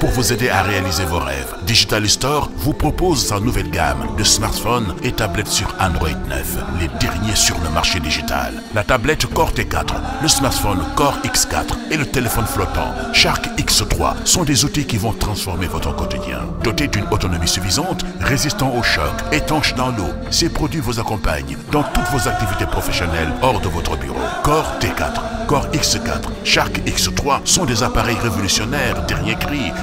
pour vous aider à réaliser vos rêves. Digital Store vous propose sa nouvelle gamme de smartphones et tablettes sur Android les derniers sur le marché digital. La tablette Core t le smartphone Core x et le téléphone flottant Shark x sont des outils qui vont transformer votre quotidien. Dotés d'une autonomie suffisante, résistant aux chocs, étanches dans l'eau, ces produits vous accompagnent dans toutes vos activités professionnelles hors de votre bureau. Core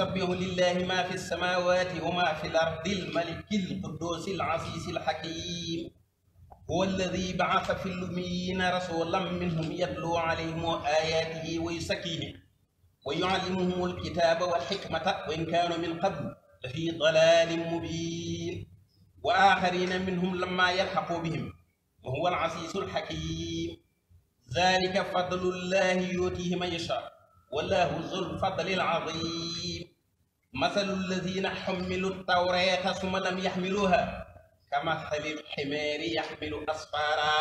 yusabbihu lillahi ma fi samawati wa ma fi l ardi almaliki alqudusi alasiisi alxakim huwa alladi baasa fi lumiyina rasulan minhum yatlu alayhim ayatihi wa yusakkihim wa yuallimuhum alkitaba walxikmata wa in kanu min qabl lafi dalalin mubin wa axarina minhum lamma yalxaqu bihim wa huwa alasiisu alxakim zalika fadlullahi yutihi man yasha wallahu zul fadlil azim masalu alladina xammilu tawreeta suma lam yaxmiluha kamasalil ximeeri yaxmilu asfaara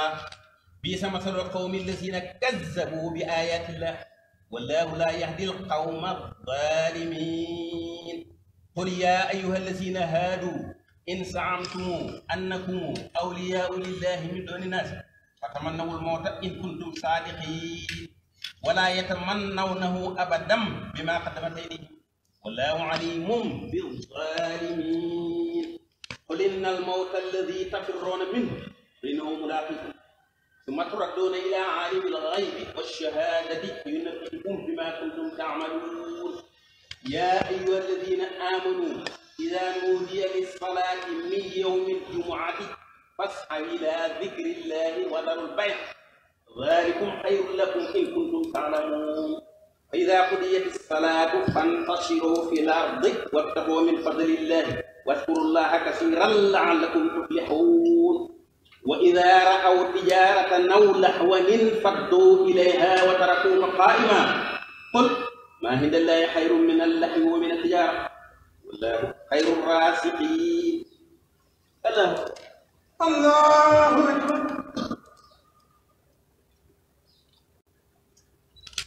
biisa masalu alqawmi alladina kazzabu bi ayatillah wallaahu laa yahdi alqawma alzalimin qul yaa ayuha alladina haadu in zaamtum annakum awliyaau lillahi min duni naas fatamannawu lmawta in kuntum saadiqin wala yatamannawnahu abadan bima qaddamat aydihim والله عليم بالظالمين قل إن الموت الذي تفرون منه فإنه ملاقيكم ثم تردون إلى عالم الغيب والشهادة ينبئكم بما كنتم تعملون يا أيها الذين آمنوا إذا نودي للصلاة من يوم الجمعة فاسعوا إلى ذكر الله وذروا البيع ذلكم خير لكم إن كنتم تعلمون fa ida qudiyat salaatu fantashiru fi l ardi wabtaxu min fadlillahi wadkuru llaha kasiran laallakum tuflixuun wa ida raaw tijaratan aw lahwan infadduu ilayha wa tarakuuka qaa'ima qul maa inda llahi xayrun min allahwi wa min atijara wallahu xayru raasiqiin allahu akbar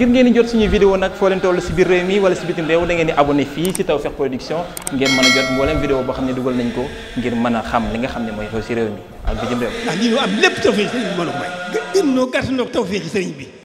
ngir ngeen di jot suñuy vidéo nag foo leen toll si biir réew mi wala si bitim réew da di abonné fii si Tawfekh Production ngeen mën a jot mboolem vidéo boo xam ne dugal nañ ko ngir mën a xam li nga xam ne mooy xew si réew mi ak bitim réew. ndax lii am lépp Tawfekh sëriñ sëriñ bi.